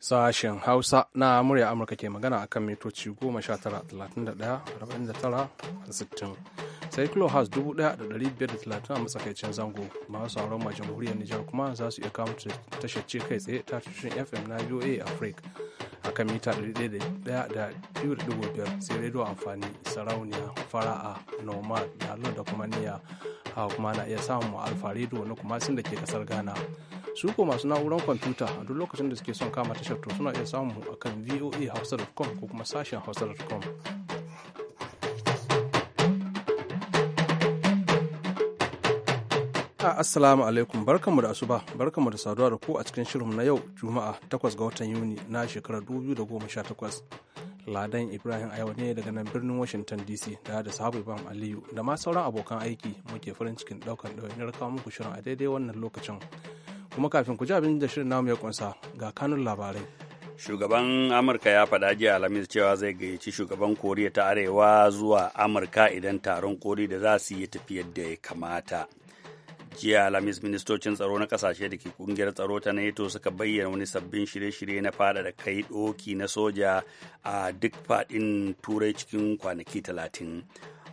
sashen hausa na murya amurka ke magana a kan mitoci 19:31:49:60 31 kilo has sai 1530 a matsakaicin zango masu sauran ma jamhuriyar nijar kuma za su iya kama tashar ce kai tsaye ta tushen fm na voa africa a kan mita 1.5 sai rediyo amfani sarauniya fara'a nomad da da kuma niya a kuma na iya samun alfa rediyo na kuma sun da ke kasar ghana su ko masu na'urar kwamfuta a duk lokacin da suke son kama tashar tashar to suna iya samu a kan voahausa.com ko kuma sashen hausa.com. Assalamu alaikum barkanmu da asuba barkanmu da saduwa da ku a cikin shirin na yau Juma'a 8 ga watan Yuni na shekarar 2018. Ladan Ibrahim Ayawa ne daga nan birnin Washington DC da da sahabu Ibrahim Aliyu da ma sauran abokan aiki muke farin cikin daukan ɗawainiyar kawo muku shirin a daidai wannan lokacin. kuma kafin ku ji abin da shirin namu ya kunsa ga kanun labarai shugaban amurka ya faɗa jiya alhamis cewa zai gayyaci shugaban koriya ta arewa zuwa amurka idan taron kori da za su yi tafi yadda ya kamata jiya alhamis ministocin tsaro na kasashe da ke kungiyar tsaro ta nato suka bayyana wani sabbin shirye-shirye na fada da kai doki na soja a duk faɗin turai cikin kwanaki talatin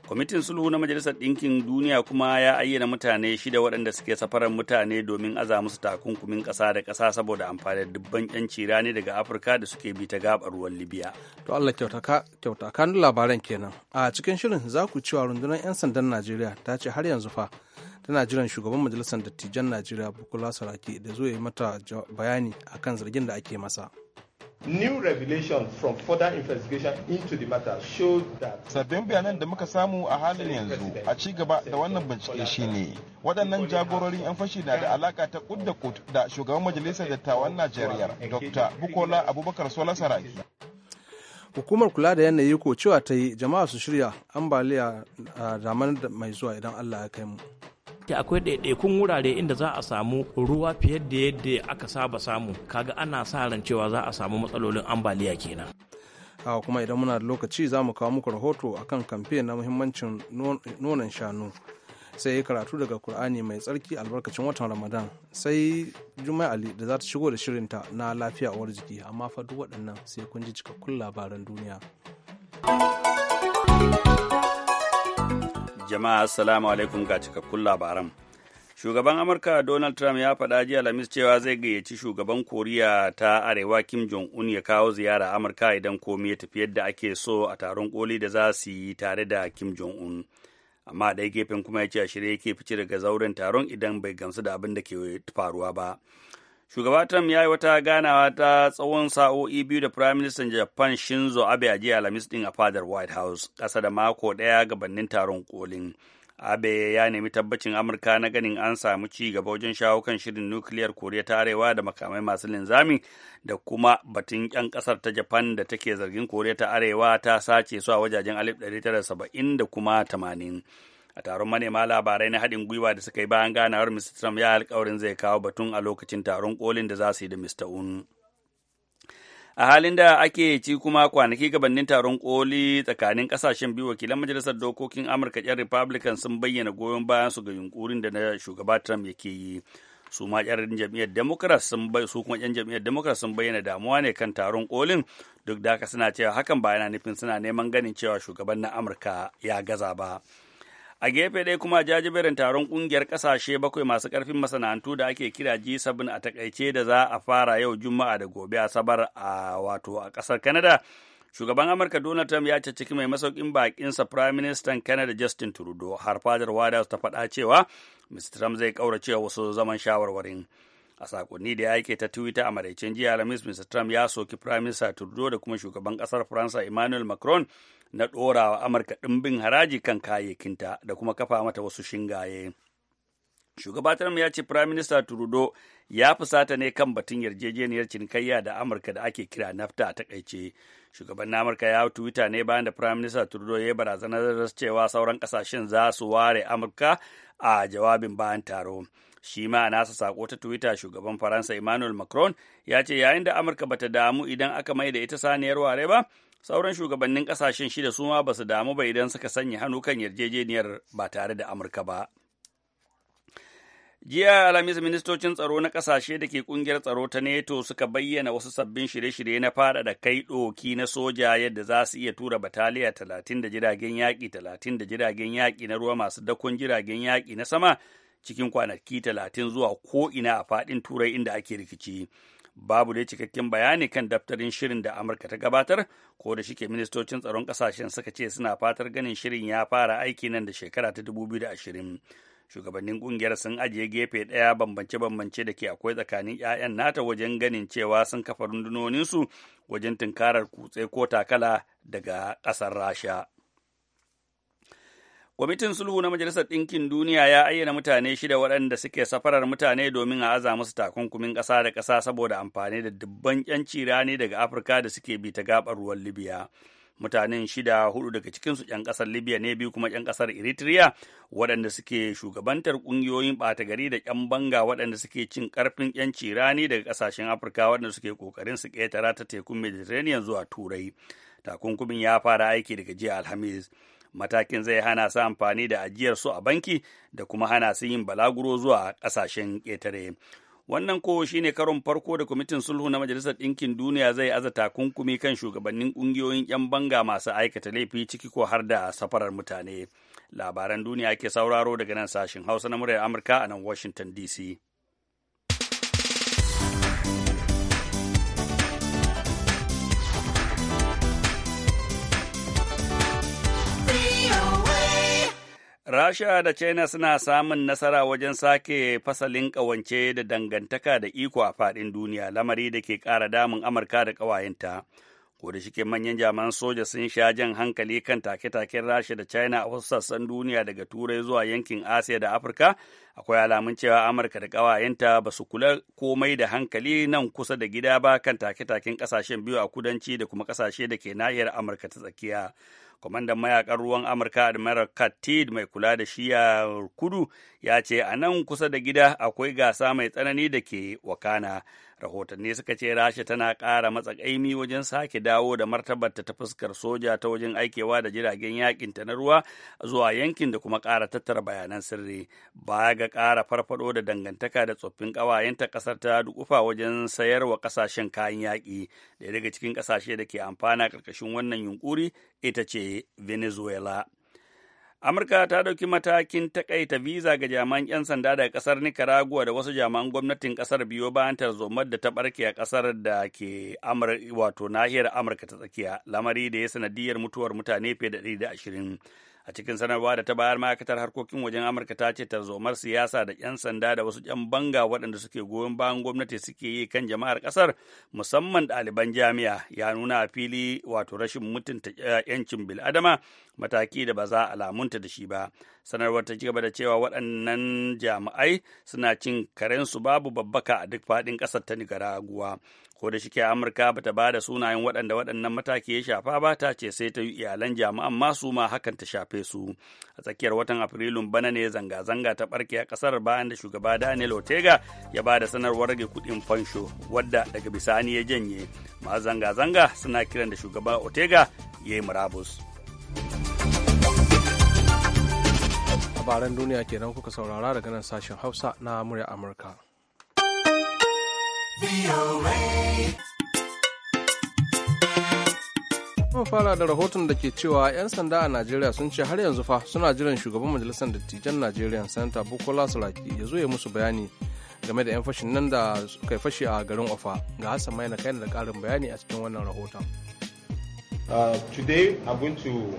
kwamitin sulhu na majalisar ɗinkin duniya kuma ya ayyana mutane shida waɗanda suke safarar mutane domin aza musu takunkumin ƙasa da ƙasa saboda amfani da dubban ƴanci rani daga afirka da suke bi ta gabar ruwan libya to allah kyauta kan labaran kenan a cikin shirin za ku cewa rundunar 'yan sandan najeriya ta ce har yanzu fa tana jiran shugaban majalisar dattijan najeriya bukola saraki da zo ya mata bayani akan zargin da ake masa New revelation from further investigation into the matter showed that Sabbin bayanan da muka samu a halin yanzu a ci gaba da wannan bincike shine waɗannan jagororin 'yan fashi na da alaka ta kud da da shugaban majalisar dattawan Najeriya Dr. Bukola Abubakar Sola Saraki. Hukumar kula da yanayi ko cewa ta yi jama'a su shirya ambaliya a ah, mai zuwa idan Allah ya kai mu. da akwai ɗaiɗaikun wurare inda za a samu ruwa fiye da yadda aka saba samu kaga ana sa ran cewa za a samu matsalolin ambaliya kenan a kuma idan muna da lokaci za mu kawo muku rahoto akan kamfe na muhimmancin nonon shanu sai ya karatu daga kur'ani mai tsarki albarkacin watan ramadan sai juma'a ali da za ta shigo da shirinta na lafiya uwar jiki amma fa duk waɗannan sai kun ji cikakkun labaran duniya Jama'a assalamu alaikum ga cikakkun labaran. Shugaban Amurka Donald Trump ya faɗa jiya Alhamis cewa zai gayyaci shugaban Koriya ta Arewa Kim Jong-un ya kawo ziyara Amurka idan komai ya tafi yadda ake so a taron koli da za su yi tare da Kim Jong-un. Amma ɗaya gefen kuma ya ce a shirye yake fice daga zauren taron idan bai gamsu da abin da ke faruwa ba. Shugaba Trump ya yi wata ganawa ta tsawon sa'o'i biyu da Prime Minister Japan Shinzo Abe a jiya Alhamis din a fadar White House, ƙasa da mako ɗaya gabanin taron kolin. Abe ya nemi tabbacin Amurka na ganin an samu ci gaba wajen shawo kan shirin nukiliyar Koriya ta Arewa da makamai masu linzami da kuma batun 'yan ƙasar ta Japan da take zargin Koriya ta Arewa ta sace su a wajajen 1970 da kuma 80. a taron manema labarai na haɗin gwiwa da suka yi bayan ganawar mr trump ya alkawarin zai kawo batun a lokacin taron kolin da za su yi da mr un a halin da ake ci kuma kwanaki gabanin taron koli tsakanin kasashen biyu wakilan majalisar dokokin amurka 'yan republican sun bayyana goyon bayan su ga yunkurin da na shugaba trump yake yi su ma 'yan jam'iyyar democrat sun su kuma 'yan jam'iyyar democrat sun bayyana damuwa ne kan taron kolin duk da haka suna cewa hakan ba yana nufin suna neman ganin cewa shugaban na amurka ya gaza ba a gefe ɗaya kuma jajiberin taron ƙungiyar ƙasashe bakwai masu ƙarfin masana'antu da ake kira G7 a takaice da za a fara yau juma'a da gobe asabar a wato a ƙasar Kanada, shugaban amurka donald trump ya ciki mai masaukin bakinsa prime minister canada justin trudeau har fadar wada ta faɗa cewa mr trump zai ƙaurace wasu zaman shawarwarin a sakonni da ya aike ta twitter a maraicen jiya alhamis mr trump ya soki prime minister trudeau da kuma shugaban ƙasar faransa emmanuel macron na ɗorawa amurka ɗimbin haraji kan kayayyakinta da kuma kafa mata wasu shingaye shugaba trump ya ce prime minister trudeau ya fusata ne kan batun yarjejeniyar cinikayya da amurka da ake kira nafta a takaice shugaban amurka ya tuwita ne bayan da prime minister trudeau ya yi barazanar cewa sauran kasashen za su ware amurka a jawabin bayan taro shi ma a nasa sako ta twitter shugaban faransa emmanuel macron ya ce yayin da amurka bata damu idan aka mai da ita saniyar ware ba sauran shugabannin kasashen shida su ma ba su damu ba idan suka sanya hannu kan yarjejeniyar ba tare da amurka ba jiya alhamis ministocin tsaro na kasashe da ke kungiyar tsaro ta neto suka bayyana wasu sabbin shirye-shirye na fada da kai doki na soja yadda za su iya tura bataliya talatin da jiragen yaƙi talatin da jiragen yaƙi na ruwa masu dakon jiragen yaƙi na sama cikin kwanaki talatin zuwa ko ina a faɗin turai inda ake rikici babu dai cikakken bayani kan daftarin shirin da amurka ta gabatar ko da shike ministocin tsaron kasashen suka ce suna fatar ganin shirin ya fara aiki nan da shekara ta 2020 shugabannin kungiyar sun ajiye gefe ɗaya bambance-bambance da ke akwai tsakanin 'ya'yan nata wajen ganin cewa sun kafa rundunoninsu wajen tunkarar kutse ko takala daga ƙasar rasha Kwamitin sulhu na Majalisar Ɗinkin Duniya ya ayyana mutane shida waɗanda suke safarar mutane domin a aza musu takunkumin ƙasa da ƙasa saboda amfani da dubban 'yanci rani daga Afirka da suke bi ta gaɓar ruwan Libya. Mutanen shida hudu daga cikinsu 'yan ƙasar Libya ne biyu kuma 'yan ƙasar Eritrea waɗanda suke shugabantar ƙungiyoyin ɓata gari da 'yan banga waɗanda suke cin ƙarfin ƴanci rani daga ƙasashen Afirka waɗanda suke ƙoƙarin su ƙetara ta tekun Mediterranean zuwa Turai. Takunkumin ya fara aiki daga jiya Alhamis. matakin zai hana su amfani da ajiyar su a banki da kuma hana su yin balaguro zuwa ƙasashen ƙetare wannan ko shine karon farko da kwamitin sulhu na majalisar ɗinkin duniya zai aza takunkumi kan shugabannin ƙungiyoyin 'yan banga masu aikata laifi ciki ko har da safarar mutane labaran duniya ke sauraro daga nan sashen hausa na muryar amurka a nan washington dc Rasha da China suna samun nasara wajen sake fasalin ƙawance da dangantaka da iko a faɗin duniya, lamari da ke ƙara damun Amurka da ƙawayenta. Ko da shike manyan jami'an soja sun sha jan hankali kan take-taken Rasha da China a wasu sassan duniya daga Turai zuwa yankin Asiya da Afirka, akwai alamun cewa Amurka da ƙawayenta ba su kula komai da hankali nan kusa da gida ba kan take-taken ƙasashen biyu a kudanci da kuma ƙasashe da ke nahiyar Amurka ta tsakiya. kwamandan mayakan ruwan amurka admiral kattid mai kula da shiya kudu ya ce a nan kusa da gida akwai gasa mai tsanani da ke wakana rahotanni suka ce rasha tana ƙara matsakaimi wajen sake dawo da martabarta ta fuskar soja ta wajen aikewa da jiragen yakin ta na ruwa zuwa yankin da kuma ƙara tattara bayanan sirri baya ga ƙara farfado da dangantaka da tsoffin ƙawayenta ƙasar ta dukufa wajen sayar wa ƙasashen kayan yaƙi da daga cikin ƙasashe da ke amfana ƙarƙashin wannan yunkuri ita ce venezuela Amurka ta ɗauki matakin takaita visa ga jami'an 'yan sanda daga ƙasar Nicaragua da wasu jami'an gwamnatin ƙasar biyo bayan tarzomar da ta ɓarke a ƙasar da ke wato nahiyar Amurka ta tsakiya, lamari da ya sanadiyar mutuwar mutane fiye da 120. a cikin sanarwa da ta bayar ma'aikatar harkokin wajen amurka ta ce tarzomar siyasa da 'yan sanda da wasu 'yan banga waɗanda suke goyon bayan gwamnati suke yi kan jama'ar ƙasar musamman ɗaliban jami'a ya nuna a fili wato rashin mutunta eh, 'yancin bil'adama mataki da ba za a lamunta da shi ba sanarwar ta gaba da cewa waɗannan jami'ai suna cin karensu babu babbaka a duk faɗin ƙasar ta nicaragua ko da shike amurka bata ba da sunayen waɗanda waɗannan mataki ya shafa ba ta ce sai ta yi iyalan jami'an masu ma hakan ta shafe su a tsakiyar watan afrilun bana ne zanga-zanga ta barke a ƙasar bayan da shugaba daniel ortega ya ba da sanarwar rage kuɗin fansho wadda daga bisani ya janye masu zanga-zanga suna kiran da shugaba ortega ya yi murabus labaran duniya kenan kuka saurara daga nan sashen hausa na murya amurka Mun fara da rahoton da ke cewa 'yan sanda a Najeriya sun ce har yanzu fa suna jiran shugaban majalisar dattijan Najeriya Santa Bukola Saraki ya zo ya musu bayani game da 'yan fashin nan da suka fashi a garin Ofa ga Hassan Maina kai da karin bayani a cikin wannan rahoton. Uh, today I'm going to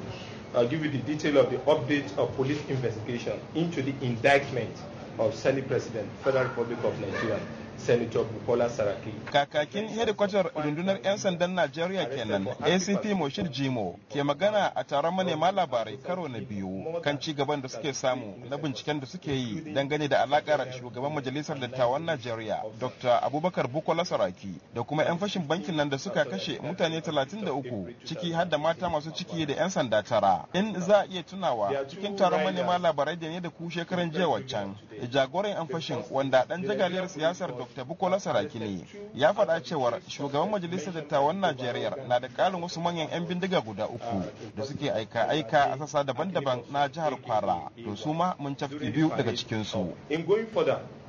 I'll uh, give you the detail of the update of police investigation into the indictment of Senate President, Federal Republic of Nigeria. Senator Bukola Saraki. Kakakin hedikwatar rundunar 'yan sandan Najeriya kenan ACP Moshid Jimo ke magana a taron manema labarai karo na biyu kan ci gaban da suke samu na binciken da suke yi dangane da alakar shugaban majalisar dattawan Najeriya Dr. Abubakar Bukola Saraki da kuma 'yan fashin bankin nan da suka kashe mutane 33 ciki har da mata masu ciki da 'yan sanda tara. In za a iya tunawa cikin taron manema labarai da ne da ku shekaran jiya waccan jagoran 'yan fashin wanda dan jagaliyar siyasar dr bukola ne ya faɗa cewar shugaban majalisar dattawan najeriya na da ƙarin wasu manyan 'yan bindiga guda uku da suke aika-aika a sassa daban-daban na jihar kwara to su ma mun cafke biyu daga cikinsu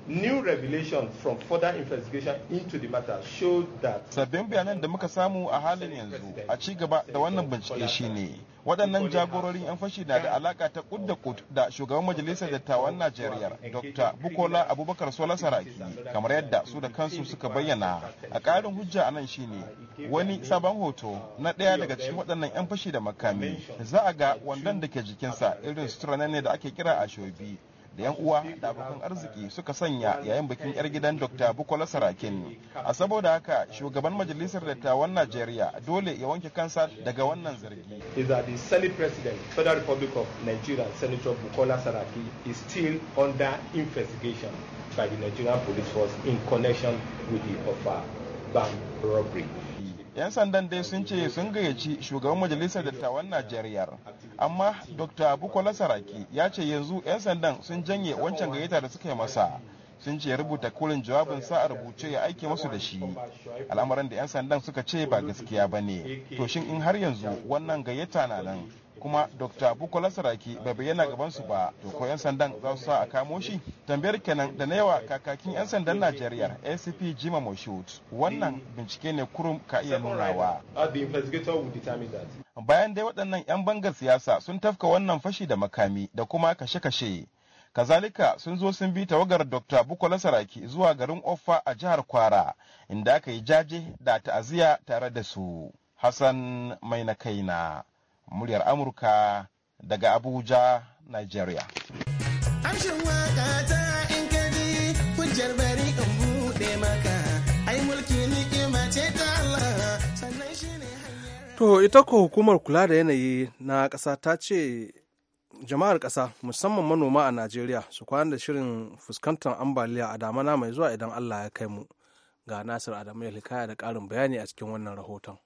New revelation from further investigation into the matter showed that sabbin bayanan da muka samu a halin yanzu a ci gaba da wannan bincike shine waɗannan jagororin 'yan fashi na da alaka ta kud da da shugaban majalisar dattawan najeriya dr bukola abubakar sola saraki kamar yadda su da kansu suka bayyana a ƙarin hujja a nan shine wani sabon hoto na ɗaya daga cikin waɗannan 'yan fashi da makami za a ga wandon da ke jikinsa irin sutura ne da ake kira a ashobi da 'yan uwa da abokan arziki suka sanya yayin bikin 'yar gidan Dr. Bukola Sarakin. A saboda haka shugaban majalisar dattawan Najeriya dole ya wanke kansa daga wannan zargi. Is that the Senate President, Federal Republic of Nigeria, Senator Bukola Saraki is still under investigation by the Nigerian Police Force in connection with the Ofa bank robbery. 'yan sandan dai sun ce sun gayyaci shugaban majalisar dattawan najeriya amma dr bukola saraki ya ce yanzu 'yan sandan sun janye wancan gayyata da suka yi masa sun ce rubuta kulin jawabin sa a rubuce ya aike masu da shi al'amarin da 'yan sandan suka ce ba gaskiya ba ne to shin in har yanzu wannan gayyata na nan kuma dr bukola saraki bai bayyana gaban su ba to ko yan sandan za su sa a kamo shi tambayar kenan da na yawa kakakin yan sandan najeriya acp jima moshut wannan bincike ne kurum ka iya nunawa bayan dai waɗannan 'yan bangar siyasa sun tafka wannan fashi da makami da kuma kashe-kashe kazalika sun zo sun bi tawagar dr bukola saraki zuwa garin offa a jihar kwara inda aka yi jaje da ta'aziyya tare da su hassan mai na kaina muryar amurka daga abuja nigeria wakata in in buɗe maka, mulki ni'ima ce ta To ita ko hukumar kula da yanayi na ƙasa ta ce jama'ar ƙasa musamman manoma a Najeriya su kwana da shirin fuskantar ambaliya a damana mai zuwa idan Allah ya kai mu. Ga Nasir Adamu ya da ƙarin bayani a cikin wannan rahoton.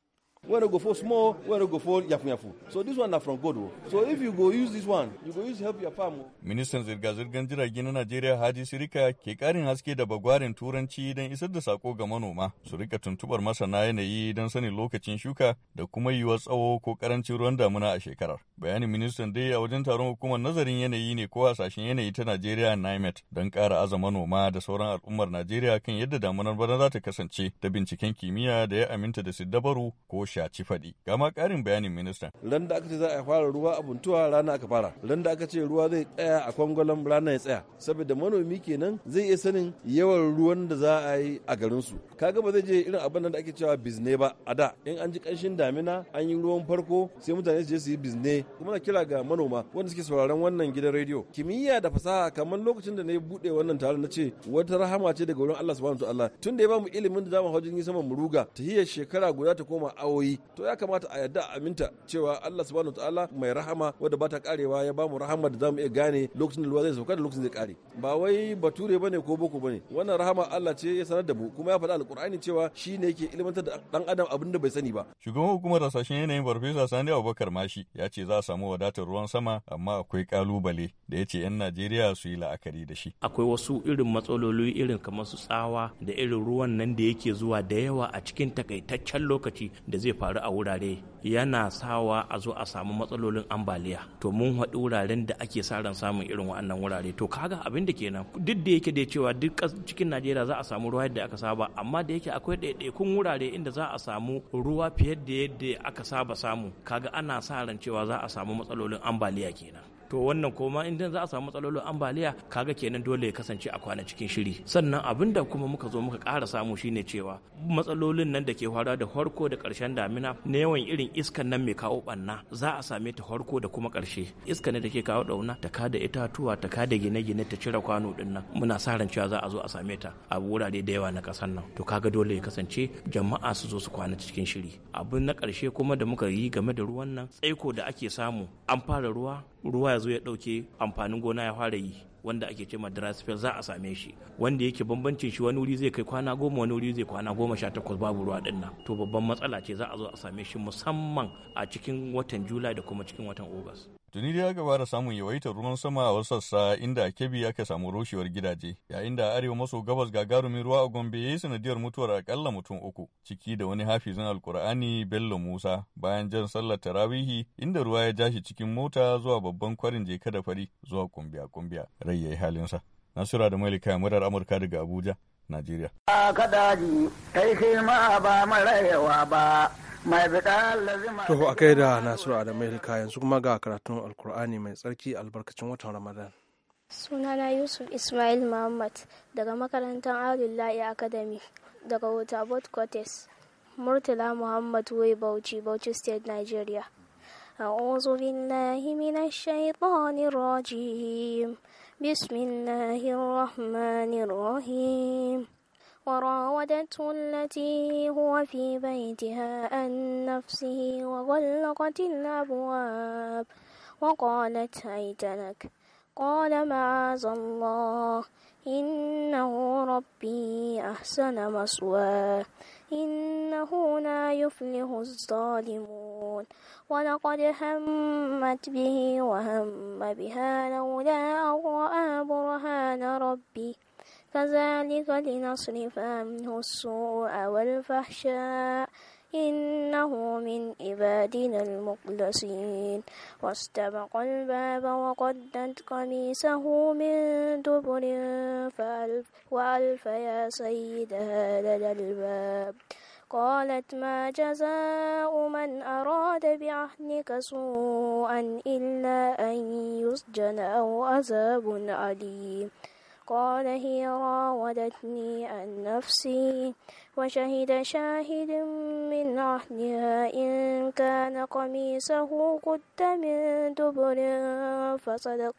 When you go for small, when go for yafu So this one na from God. Oh. So if you go use this one, you go use help your farm. Oh. Ministan zirga-zirgar jirage na Najeriya Hadi Sirika ke karin haske da bagwarin turanci don isar da sako ga manoma. Su rika tuntubar masana yanayi don sanin lokacin shuka da kuma yiwuwar tsawo ko karancin ruwan damuna a shekarar. Bayanin ministan dai a wajen taron hukumar nazarin yanayi ne ko hasashen yanayi ta Najeriya NIMET don kara aza manoma da sauran al'ummar Najeriya kan yadda damunar bana za ta kasance da binciken kimiyya da ya aminta da siddabaru ko shaci faɗi. Gama ƙarin bayanin ministan. Ran da aka ce za a fara ruwa a buntuwa rana aka fara. Ran da aka ce ruwa zai tsaya a kwangwalan rana ya tsaya. Saboda manomi kenan zai iya sanin yawan ruwan da za a yi a garinsu. Kaga ba zai je irin abin da ake cewa bizne ba a da. In an ji ƙanshin damina an yi ruwan farko sai mutane su je su yi bizne. Kuma na kira ga manoma wanda suke sauraron wannan gidan rediyo. Kimiyya da fasaha kamar lokacin da na yi buɗe wannan taron na ce wata rahama ce daga wurin Allah subhanahu wa ta'ala. Tun da ya ba mu ilimin da za mu hau jirgin sama mu ruga tahiyar shekara guda ta koma awo to ya kamata a yadda a aminta cewa Allah subhanahu wataala mai rahama wadda bata karewa ya ba mu rahama da zamu iya gane lokacin da ruwa zai sauka da lokacin zai kare ba wai bature bane ko boko bane wannan rahama Allah ce ya sanar da mu kuma ya faɗa alqur'ani cewa shine yake ilmantar da dan adam abin da bai sani ba shugaban hukumar hasashen yanayin farfesa Sani Abubakar Mashi ya ce za a samu wadatar ruwan sama amma akwai kalubale da ya ce 'yan Najeriya su yi la'akari da shi akwai wasu irin matsaloli irin kamar su tsawa da irin ruwan nan da yake zuwa da yawa a cikin takaitaccen lokaci da zai zai faru a wurare yana sawa a zo a samu matsalolin ambaliya to mun haɗu wuraren da ake sa ran samun irin wa'annan wurare to kaga abin da kenan duk da yake da cewa duk cikin Najeriya za a samu ruwa yadda aka saba amma da yake akwai ɗaiɗaikun wurare inda za a samu ruwa fiye da yadda aka saba samu kaga ana sa ran cewa za a samu matsalolin ambaliya kenan to wannan koma idan za a samu matsalolin ambaliya kaga kenan dole ya kasance a kwana cikin shiri sannan abin da kuma muka zo muka ƙara samu shine cewa matsalolin nan da ke faruwa da harko da ƙarshen damina na yawan irin iskan nan mai kawo ɓanna za a same ta farko da kuma ƙarshe iska ne da ke kawo ɗauna ta kada itatuwa ta kada gine-gine ta cire kwano ɗin nan muna sa ran cewa za a zo a same ta a wurare da yawa na ƙasar nan to kaga dole ya kasance jama'a su zo su kwana cikin shiri abin na ƙarshe kuma da muka yi game da ruwan nan tsaiko da ake samu an fara ruwa ruwa ya zo ya ɗauke amfanin gona ya fara yi wanda ake ce madrasifel za a same shi wanda yake bambancin shi wani wuri zai kai kwana goma wani wuri zai kwana goma sha takwas babu ruwa din nan to babban matsala ce za a zo a same shi musamman a cikin watan julai da kuma cikin watan ogas Tuni ya gaba da samun yawaitar ruwan sama a wasu sassa inda a Kebbi aka samu rushewar gidaje, yayin da arewa maso gabas gagarumin ruwa a Gombe ya yi sanadiyar mutuwar akalla mutum uku, ciki da wani hafizin Alkur'ani Bello Musa bayan jan sallar tarawihi inda ruwa ya jashi cikin mota zuwa babban kwarin jeka da fari zuwa kumbiya kumbiya rai ya yi halinsa. Nasura da Malika murar Amurka daga Abuja, Najeriya. A kadaji, kai ma ba marayewa ba, Tuhu a kai da Nasiru Adamu yanzu kuma ga karatun Alkur'ani mai tsarki albarkacin watan Ramadan. Sunana Yusuf Ismail Muhammad daga makarantar Alillahi Academy daga Wutabot Cortes, Murtala Muhammad Wai Bauchi, Bauchi State, Nigeria. أعوذ بالله من الشيطان الرجيم بسم الله الرحمن وراودته التي هو في بيتها عن نفسه وغلقت الأبواب وقالت هيت لك قال معاذ الله إنه ربي أحسن مثواه إنه لا يفلح الظالمون ولقد همت به وهم بها لولا أن رأى برهان ربه كذلك لنصرف منه السوء والفحشاء إنه من عبادنا المخلصين واستبق الباب وقدت قميصه من دبر فألف وألف يا سيدها لدى الباب قالت ما جزاء من أراد بعهدك سوءا إلا أن يسجن أو عذاب أليم قال هي راودتني عن نفسي وشهد شاهد من عهدها إن كان قميصه قد من دبر فصدق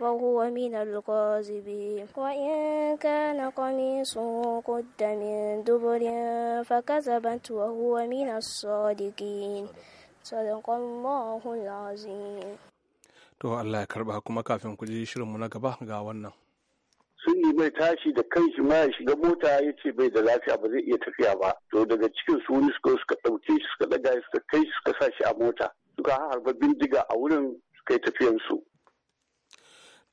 وهو من الكاذبين وإن كان قميصه قد من دبر فكذبت وهو من الصادقين صدق الله العظيم to Allah ya karba kuma kafin ku ji shirinmu na gaba ga wannan mai tashi da kanshi ma ya shiga mota ya ce bai da lafiya ba zai iya tafiya ba to daga cikin su wani suka suka ɗauke shi suka ɗaga shi suka kai shi suka sa shi a mota suka harba bindiga a wurin suka yi tafiyansu.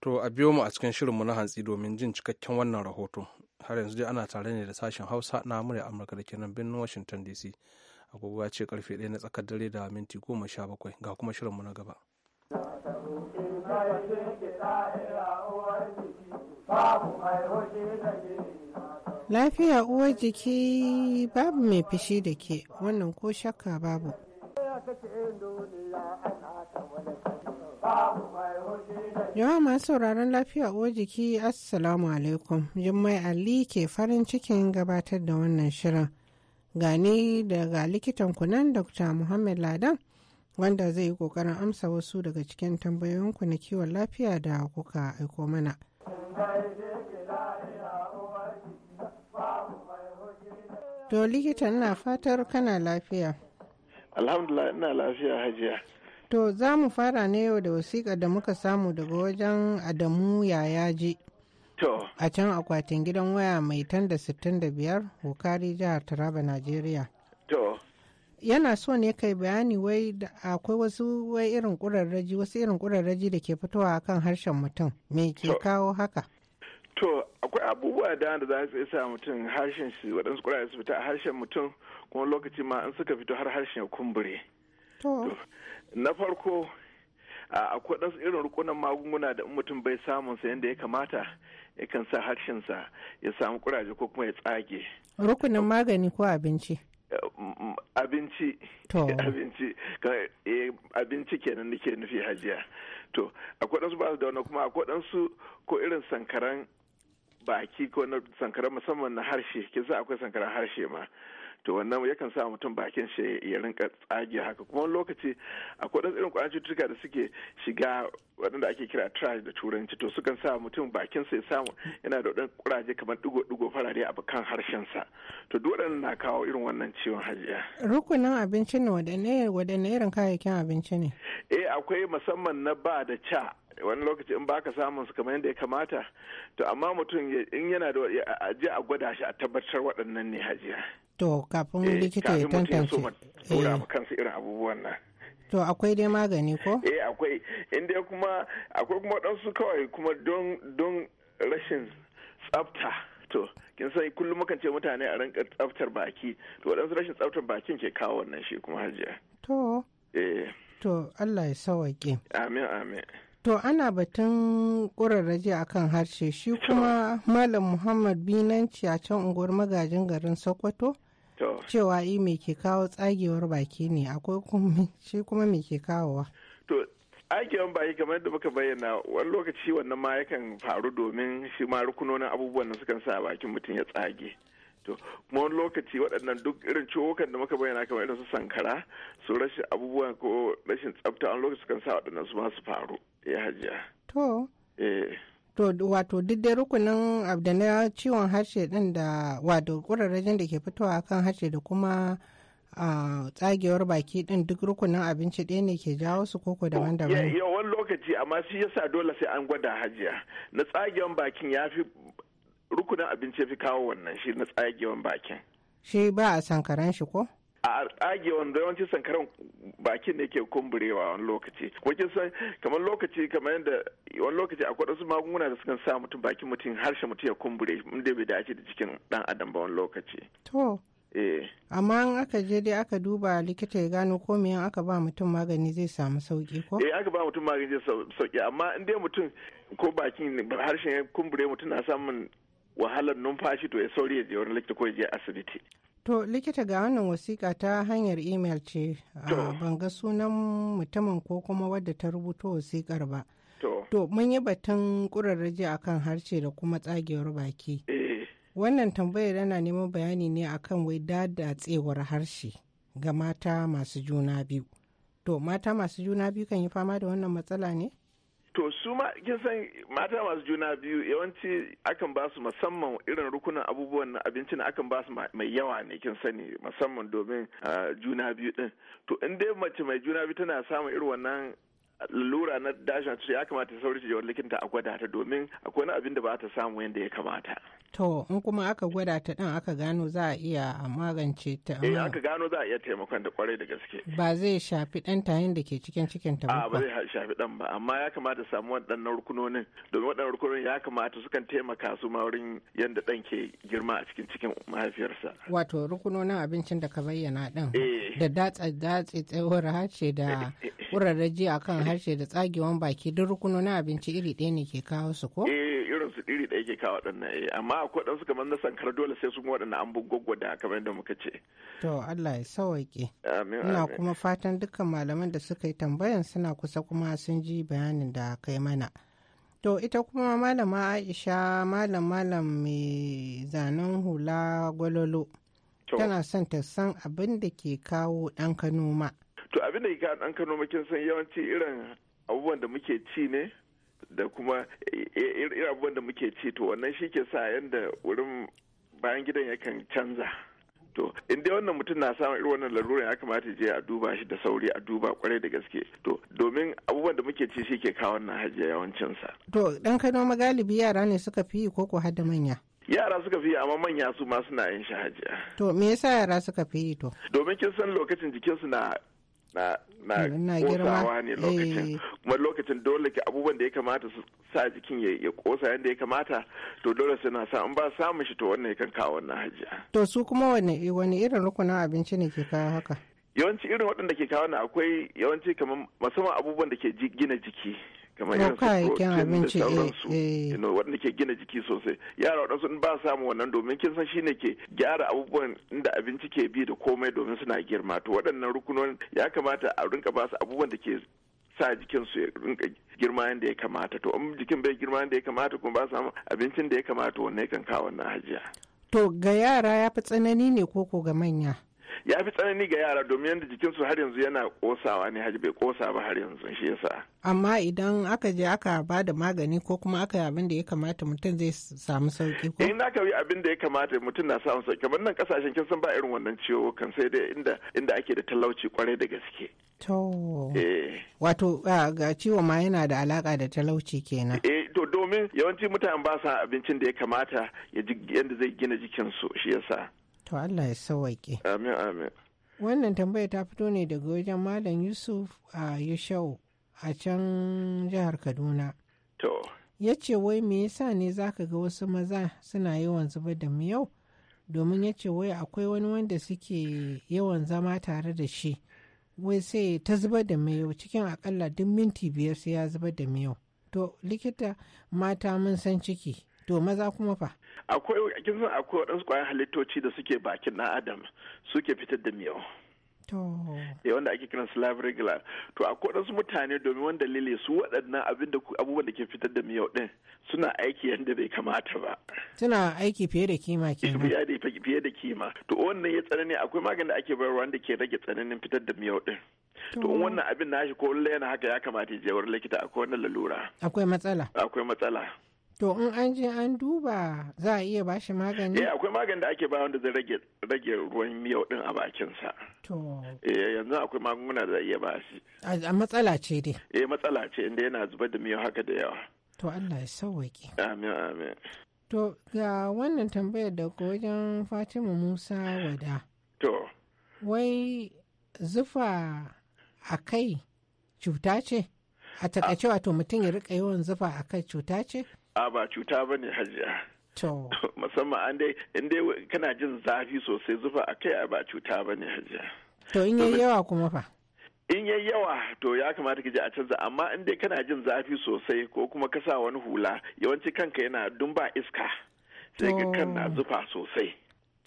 To a biyo mu a cikin shirin mu na hantsi domin jin cikakken wannan rahoto. Har yanzu dai ana tare ne da sashen Hausa na murya Amurka da ke nan birnin Washington DC. Agogo ya ce karfe ɗaya na tsakar dare da minti goma sha bakwai ga kuma shirin mu na gaba. Lafiya uwar jiki babu mai fishi da ke wannan ko shakka babu. Yawa masu sauraron lafiya uwar jiki Assalamu alaikum. Jummai Ali ke farin cikin gabatar da wannan shirin. Gani daga likitan kunan Dr. Muhammad Ladan wanda zai yi kokarin amsa wasu daga cikin tambayoyinku na kiwon lafiya da kuka aiko mana. To likita na fatar kana lafiya. Alhamdulillah ina lafiya hajiya. To za mu fara ne yau da wasiƙa da muka samu daga wajen Adamu Yayaji. To. A can akwatin gidan waya mai tanda 65 Bukari jihar Taraba, Najeriya. To. yana so ne kai bayani wai akwai wasu wai irin ƙurarraji wasu irin ƙurarraji da ke fitowa kan harshen mutum me ke kawo haka to akwai abubuwa da da za su isa mutum harshen shi waɗansu ƙurarraji su fita a harshen mutum kuma lokaci ma in suka fito har harshen kumbure to na farko akwai ɗansu irin rukunan magunguna da mutum bai samun sa yadda ya kamata yakan sa harshen sa ya samu kuraje ko kuma ya tsage rukunin magani ko abinci abinci abinci eh, abinci kenan nake nufi hajiya to akwai su ba su da wani kuma akwai ɗansu ko irin sankaran baki ko na sankaran musamman na harshe kisa akwai sankaran harshe ma to wannan yakan sa mutum bakin shi ya rinka tsage haka kuma wani lokaci a ɗan irin kwanan cututtuka da suke shiga waɗanda ake kira trash da turanci to sukan sa mutum bakin sa ya samu yana da ɗan kuraje kamar ɗigo-ɗigo farare a kan harshen sa to dole na kawo irin wannan ciwon hajiya. rukunin abinci ne waɗanne wadanne irin kayayyakin abinci ne. eh akwai musamman na ba da ca wani lokaci in baka samun su kamar yadda ya kamata to amma mutum in yana da a a gwada shi a tabbatar waɗannan ne hajiya. To kafin eh, likita ya tantance. Tura eh. ma kansu irin abubuwan nan. To akwai dai magani ko? Eh akwai inda kuma akwai kuma ɗansu kawai kuma don don rashin tsafta. To kin san kullum mukan ce mutane a rinka tsaftar baki to waɗansu rashin tsaftar bakin ke kawo wannan shi kuma hajiya. To. Eh. To Allah ya sawaƙe. Amin amin. To ana batun ƙurarraje a kan harshe shi kuma Malam Muhammad Binanci a can unguwar magajin garin Sokoto cewa yi me ke kawo tsagewar baki ne akwai shi kuma me ke kawowa. To tsagewar baki kamar da muka bayyana wani lokaci wannan ma yakan faru domin shi ma rukunonin abubuwan da sukan sa bakin mutum ya tsage. to kuma wani lokaci waɗannan duk irin ciwokan da muka bayyana kamar irin su sankara su rashin abubuwan ko rashin tsafta wani lokaci sukan sa waɗannan su ma su faru ya eh, hajiya to eh. to wato duk dai rukunin abu na ciwon harshe din da wato ƙurarrajin da ke fitowa kan harshe da kuma a tsagewar baki din duk rukunin abinci ɗaya ne ke jawo su koko daban-daban yawan lokaci amma shi yasa dole sai an gwada hajiya na tsagewar bakin ya fi rukunin abinci ya fi kawo wannan shi na tsagewar bakin shi ba a sankaran shi ko a tsage wanda yawanci sankaran bakin ne ke kumburewa wani lokaci wajen san kamar lokaci kamar yadda wani lokaci akwai wasu magunguna da sukan sa mutum bakin mutum harshe mutum ya kumbure inda bai dace da cikin dan adam ba wani lokaci to eh amma in aka je dai aka duba likita ya gano ko me aka ba mutum magani zai samu sauki ko eh aka ba mutum magani zai sauki amma in dai mutum ko bakin harshen ya kumbure mutum na samun wahalar numfashi to ya sauri ya je wani likita ko ya je asibiti To likita ga wannan wasiƙa ta hanyar imel ce ban ga sunan mutumin ko kuma wadda ta rubuto wasiƙar ba. To mun yi batun ƙurarraji a kan harshe da kuma tsagewar baki. Eh. Wannan tambayar yana neman bayani ne akan wai tsewar harshe ga mata masu juna biyu. To mata masu juna biyu kan yi fama da wannan matsala ne? to su ma kin san mata masu juna biyu yawanci akan ba su musamman irin rukunin abubuwan na abincin akan ba su mai yawa ne kin sani musamman domin ah, juna biyu din to in dai mace mai juna biyu tana samun irin wannan lura na dashin ya kamata sauri ta jawar likinta a gwada ta domin akwai wani abin da ba ta samu yadda ya kamata. To in kuma aka gwada ta ɗin aka gano za a iya a magance ta. Eh aka gano za a iya taimakon da kwarai da gaske. Ba zai shafi ɗan tayin da ke cikin cikin ta ba. ba zai shafi ɗan ba amma ya kamata samu waɗannan rukunonin domin waɗannan rukunonin ya kamata sukan taimaka su ma wurin yadda ɗan ke girma a cikin cikin mahaifiyarsa. Wato rukunonin abincin da ka bayyana ɗin. Eh. Da datsa datsa tsawon hace da wurare ji akan harshe da tsagewan baki duk rukunonin abinci iri ɗaya ne ke kawo su ko? Eh irin su iri ɗaya ke kawo waɗannan eh amma akwai su kamar na sankar dole sai sun waɗannan an gwaggwada kamar yadda muka ce. To Allah ya sawaƙe. Amin Ina kuma fatan dukkan malaman da suka yi tambayan suna kusa kuma sun ji bayanin da kai mana. To ita kuma malama Aisha malam malam mai zanen hula gwalolo. Tana son ta san abin da ke kawo ɗan kanoma. to abin da ka dan kano makin san yawanci irin abubuwan da muke ci ne da kuma irin abubuwan da muke ci to wannan shi ke sa yadda wurin bayan gidan yakan canza to in dai wannan mutum na samun irin wannan larura ya kamata je a duba shi da sauri a duba kwarai da gaske to domin abubuwan da muke ci shi ke kawo wannan hajiya yawancin sa to dan kano magalibi yara ne suka fi ko ko hadda manya yara suka fi amma manya su ma suna yin shi to me yasa yara suka fi to domin kin san lokacin jikinsu na na na eh, kosawa ne lokacin eh. kuma lokacin dole ke abubuwan da ya kamata su sa jikin ya kosa yadda ya kamata to dole suna sa in ba samun shi to wannan yakan kawo wannan hajiya to su kuma wani wani irin rukunin abinci ne ke kawo haka yawanci irin waɗanda ke kawo na akwai yawanci kamar musamman abubuwan da ke gina jiki kamar irin kayayyakin abinci eh, eh. wanda ke gina jiki sosai yara wadansu ba samu wannan domin kin san shine ke gyara abubuwan inda abinci ke bi da komai domin suna girma to waɗannan rukunonin ya kamata a rinka ba su abubuwan da ke sa jikin su ya rinka girma yadda ya kamata to in jikin bai girma yadda ya kamata kuma ba samu abincin da ya kamata wannan kan kawo wannan hajiya to ga yara ya fi tsanani ne koko ga manya ya fi tsanani ga yara domin yadda jikinsu har yanzu yana kosawa ne haji bai kosa ba har yanzu shi yasa amma idan aka je aka ba da magani ko kuma aka yi abin da ya kamata mutum zai samu sauki ko eh, in aka yi abin da ya kamata mutum na samun sauki kamar nan kasashen kin san ba irin wannan ciwo kan sai dai inda inda ake da talauci kwarai da gaske to eh wato ga ciwo ma yana da alaka da talauci kenan eh to domin yawanci mutane ba sa abincin da ya kamata ya yadda zai gina jikinsu shi yasa To Allah ya sawaƙe. Amin amin. Wannan tambaya ta fito ne daga wajen Malam Yusuf a Yushau a can jihar Kaduna. To. Ya ce wai me yasa ne zaka ga wasu maza suna yawan zuba da mu yau Domin ya ce wai akwai wani wanda suke yawan zama tare da shi. Wai sai ta zubar da miyau cikin akalla duk minti biyar sai ya zubar da miyau. To likita mata mun san ciki, to maza kuma fa. akwai kin san akwai waɗansu kwayan halittoci da suke bakin na adam suke fitar da miyau eh wanda ake kiran salivary gland to akwai waɗansu mutane domin wani dalili su waɗannan abin da abubuwan da ke fitar da miyau ɗin suna aiki yadda bai kamata ba suna aiki fiye da kima kenan fiye da kima to wannan ya tsanani akwai magani da ake bayarwa wanda ke rage tsananin fitar da miyau ɗin to in wannan abin nashi ko yana haka ya kamata ya je wurin likita akwai wannan lalura akwai matsala akwai matsala To in an je an duba za a iya bashi magani? Eh akwai magani da ake ba wanda zai rage rage ruwan miyau din a bakinsa. To. Eh yanzu akwai magunguna da za a iya ba shi. A matsala ce dai. Eh matsala ce inda yana zubar da miyau haka da yawa. To Allah ya sauwaƙe. Amin amin. To ga wannan tambayar da wajen Fatima Musa Wada. To. Wai zufa a kai cuta ce? A takaice wato mutum ya rika yawan zufa a kai cuta ce? a ba cuta ba ne hajiya musamman an dai in dai kana jin zafi sosai zufa a kai a ba cuta ba ne hajiya to in yi yawa kuma fa in yi yawa to ya kamata ka je a canza amma in dai kana jin zafi sosai ko kuma kasa wani hula yawanci kanka yana dumba iska sai ga kan na zufa sosai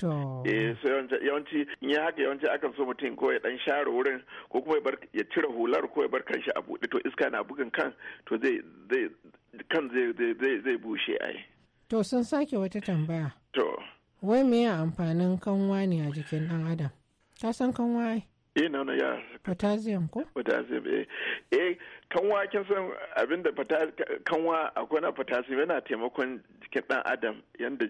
eh, yawanci in yi haka yawanci akan so mutum ko ya dan share wurin ko kuma ya cire hular ko ya bar kanshi a buɗe to iska na bugun kan to zai zai kan zai bushe ai to sun sake wata tambaya to wai me ya amfanin kanwa ne a jikin ɗan adam ta san kanwa ai eh na na ya potassium ko potassium eh eh kanwa kin san abin da kanwa akwai na potassium yana taimakon jikin ɗan adam yanda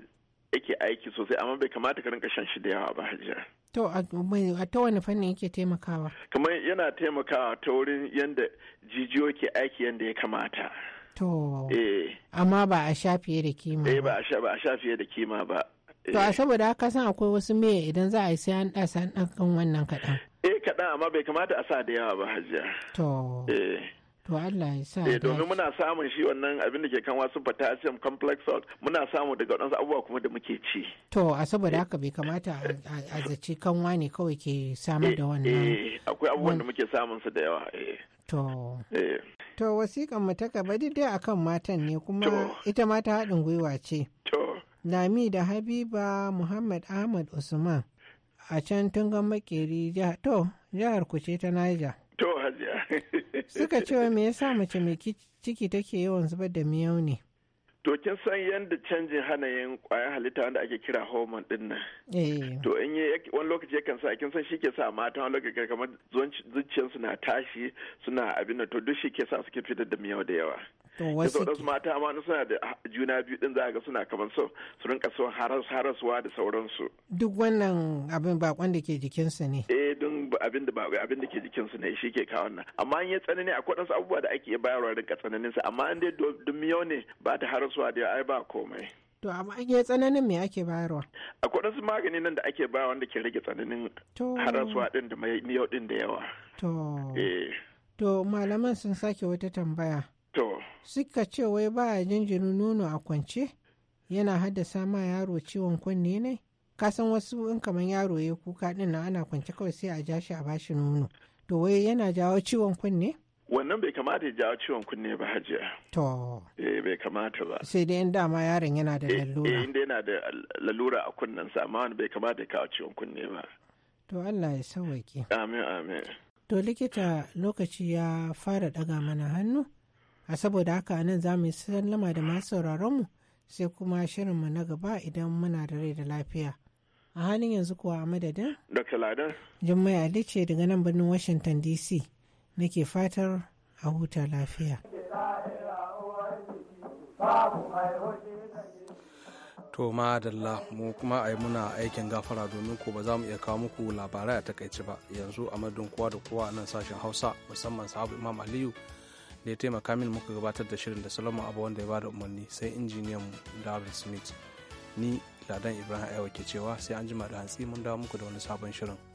yake aiki sosai amma bai kamata ka rinka shan shi da yawa ba hajiya. To a ta wani fanni yake taimakawa? Kamar yana taimakawa ta wurin yadda jijiyo ke aiki yadda ya kamata. To. Eh. Amma ba a sha da kima eh, ba. Eh ba a sha da kima ba. To a eh. saboda haka san akwai wasu meye idan za a yi sai an ɗasa an ɗan wannan kaɗan. Eh kaɗan amma bai kamata a sa da yawa ba hajiya. To. Eh. To Allah ya sa. Eh domin muna samun shi wannan abin da ke kan wasu potassium complex salt muna samu daga wadansu abubuwa kuma da muke ci. To a saboda eh. haka bai kamata a zaci kanwa ne kawai ke samar da eh, wannan. Eh akwai abubuwan da muke samun su da yawa. Eh. To. To wasiƙan mu ta gaba dai akan matan ne kuma ita ma ta haɗin gwiwa ce. To. Lami da Habiba Muhammad Ahmad Usman a can tun tungan makeri jihar to jihar ku ce ta Niger. To hajiya. Suka cewa me yasa mace mai ciki take yawan zubar da miyau ne? To kin san yadda canjin hanayin kwayar halitta wanda ake kira hormone din nan. Eh. To in yi wani lokaci yakan sa kin san shi ke sa mata wani lokaci kamar zuciyarsu na tashi suna abin da to duk shi ke sa suke fitar da miyau da yawa. yanzu waɗansu mata ma suna da juna biyu din za ga suna kamar so su rinka son haraswa da sauransu duk wannan abin bakon da ke jikinsu ne eh don abin da abin da ke jikinsu ne shi ke kawo nan amma in ya tsanani akwai waɗansu abubuwa da ake bayarwa rinka tsananin sa amma in dai dumiyau ne ba ta haraswa da ai ba komai To amma an yi tsananin me ake bayarwa? Akwai wasu magani nan da ake bayarwa wanda ke rage tsananin haraswa din da mai miyau din da yawa. To. Eh. To malaman sun sake wata tambaya. To. Suka ce wai ba a jinjirin nono a kwance yana haddasa ma yaro ciwon kunne ne? Ka san wasu in kamar yaro ya kuka din nan ana kwance kawai sai a ja shi a bashi nono. To wai yana jawo ciwon kunne? Wannan bai kamata ya jawo ciwon kunne ba hajiya. To. Eh bai kamata ba. Sai dai in dama yaron yana da eh, lalura. Eh inda yana da lalura a kunnensa amma wani bai kamata ya kawo ciwon kunne ba. To Allah ya sauwaƙe. Amin amin. To likita lokaci ya fara daga mana hannu. a saboda haka nan za mu yi sallama da masu sauraronmu sai kuma shirinmu na gaba idan muna da rai da lafiya a halin yanzu kuwa a madadin dr jummai ali ce daga nan birnin washington dc nake fatar a huta lafiya to madalla mu kuma a yi muna aikin gafara domin ko ba za mu iya kawo muku labarai a takaici ba yanzu a madadin kowa da kowa nan sashen hausa musamman sahabu imam aliyu da ya taimaka min muka gabatar da shirin da salomon abu wanda ya bada umarni sai injiniyan david smith ni ladan ibrahim aiwa ke cewa sai an jima da hantsi mun dawo muku da wani sabon shirin